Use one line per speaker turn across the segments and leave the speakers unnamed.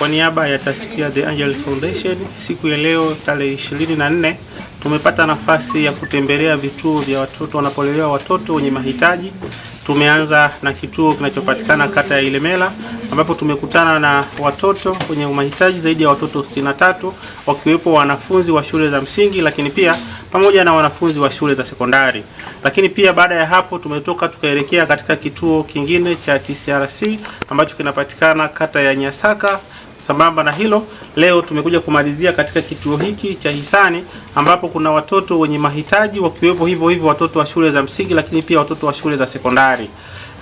Kwa niaba ya taasisi ya The Angel Foundation, siku ya leo tarehe 24 tumepata nafasi ya kutembelea vituo vya watoto wanapolelewa watoto wenye mahitaji. Tumeanza na kituo kinachopatikana kata ya Ilemela ambapo tumekutana na watoto wenye mahitaji zaidi ya watoto 63 wakiwepo wanafunzi wa shule za msingi, lakini pia pamoja na wanafunzi wa shule za sekondari. Lakini pia baada ya hapo tumetoka tukaelekea katika kituo kingine cha TCRC ambacho kinapatikana kata ya Nyasaka Sambamba na hilo, leo tumekuja kumalizia katika kituo hiki cha hisani ambapo kuna watoto wenye mahitaji wakiwepo hivyo hivyo watoto wa shule za msingi, lakini pia watoto wa shule za sekondari.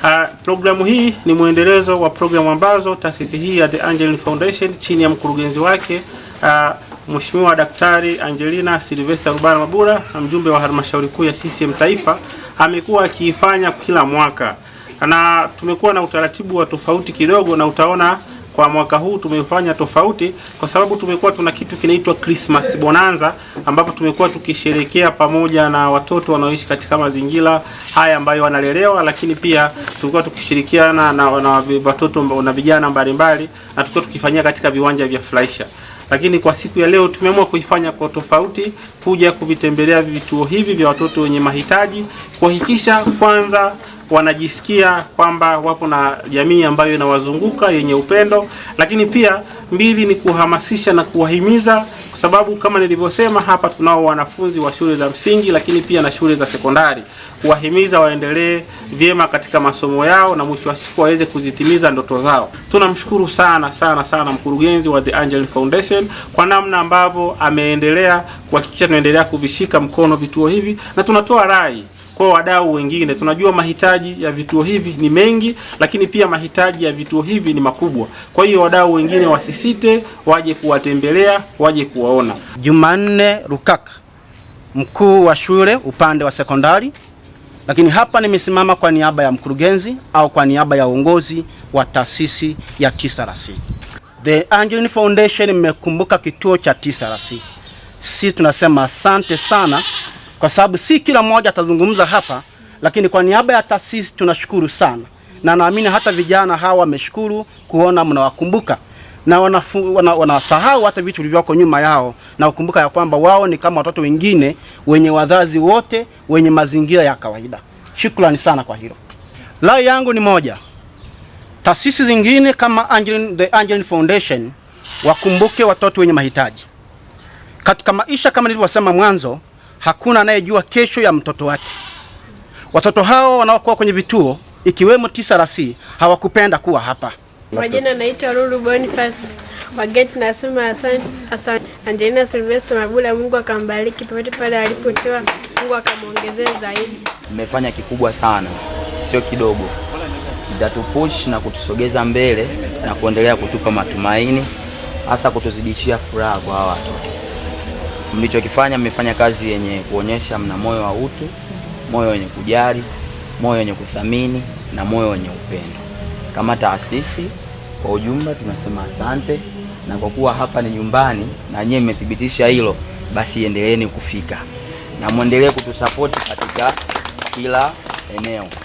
Uh, programu hii ni mwendelezo wa programu ambazo taasisi hii ya The Angeline Foundation chini ya mkurugenzi wake uh, Mheshimiwa Daktari Angelina Silvester Rubana Mabura, mjumbe wa halmashauri kuu ya CCM Taifa, amekuwa akiifanya kila mwaka, na tumekuwa na utaratibu wa tofauti kidogo, na utaona kwa mwaka huu tumefanya tofauti kwa sababu tumekuwa tuna kitu kinaitwa Christmas Bonanza, ambapo tumekuwa tukisherekea pamoja na watoto wanaoishi katika mazingira haya ambayo wanalelewa, lakini pia tulikuwa tukishirikiana na, na watoto na vijana mbalimbali na tulikuwa tukifanyia katika viwanja vya furahisha lakini kwa siku ya leo tumeamua kuifanya kwa tofauti, kuja kuvitembelea vituo hivi vya watoto wenye mahitaji, kuhakikisha kwanza wanajisikia kwamba wapo na jamii ambayo inawazunguka yenye upendo, lakini pia mbili ni kuhamasisha na kuwahimiza, kwa sababu kama nilivyosema hapa tunao wanafunzi wa shule za msingi, lakini pia na shule za sekondari, kuwahimiza waendelee vyema katika masomo yao na mwisho wa siku waweze kuzitimiza ndoto zao. Tunamshukuru sana sana sana mkurugenzi wa The Angel Foundation kwa namna ambavyo ameendelea kuhakikisha tunaendelea kuvishika mkono vituo hivi na tunatoa rai kwa wadau wengine. Tunajua mahitaji ya vituo hivi ni mengi, lakini pia mahitaji ya vituo hivi ni makubwa. Kwa hiyo wadau wengine wasisite, waje kuwatembelea, waje kuwaona.
Jumanne Rukaka, mkuu wa shule upande wa sekondari, lakini hapa nimesimama kwa niaba ya mkurugenzi au kwa niaba ya uongozi wa taasisi ya TCRC. The Angeline Foundation imekumbuka kituo cha TCRC. Sisi tunasema asante sana kwa sababu si kila mmoja atazungumza hapa, lakini kwa niaba ya taasisi tunashukuru sana, na naamini hata vijana hawa wameshukuru kuona mnawakumbuka na wanasahau wana, wana hata vitu vilivyoko nyuma yao na kukumbuka ya kwamba wao ni kama watoto wengine wenye wazazi wote wenye mazingira ya kawaida. Shukrani sana kwa hilo. Rai yangu ni moja, taasisi zingine kama Angeline, the Angeline Foundation wakumbuke watoto wenye mahitaji katika maisha. Kama nilivyosema mwanzo, hakuna anayejua kesho ya mtoto wake. Watoto hao wanaokuwa kwenye vituo ikiwemo TCRC hawakupenda kuwa hapa.
Majina naitwa Lulu Boniface Wageti, nasema asante Angelina Silvester Mabula. Mungu akambariki popote pale alipotoa, Mungu akamwongezea zaidi.
Mmefanya kikubwa sana, sio kidogo, itatupush na kutusogeza mbele na kuendelea kutupa matumaini, hasa kutuzidishia furaha kwa hawa watoto mlichokifanya, mmefanya kazi yenye kuonyesha mna moyo wa utu, moyo wenye kujali, moyo wenye kuthamini na moyo wenye upendo. Kama taasisi kwa ujumla tunasema asante, na kwa kuwa hapa ni nyumbani na nyie mmethibitisha hilo, basi endeleeni kufika na mwendelee kutusapoti katika kila eneo.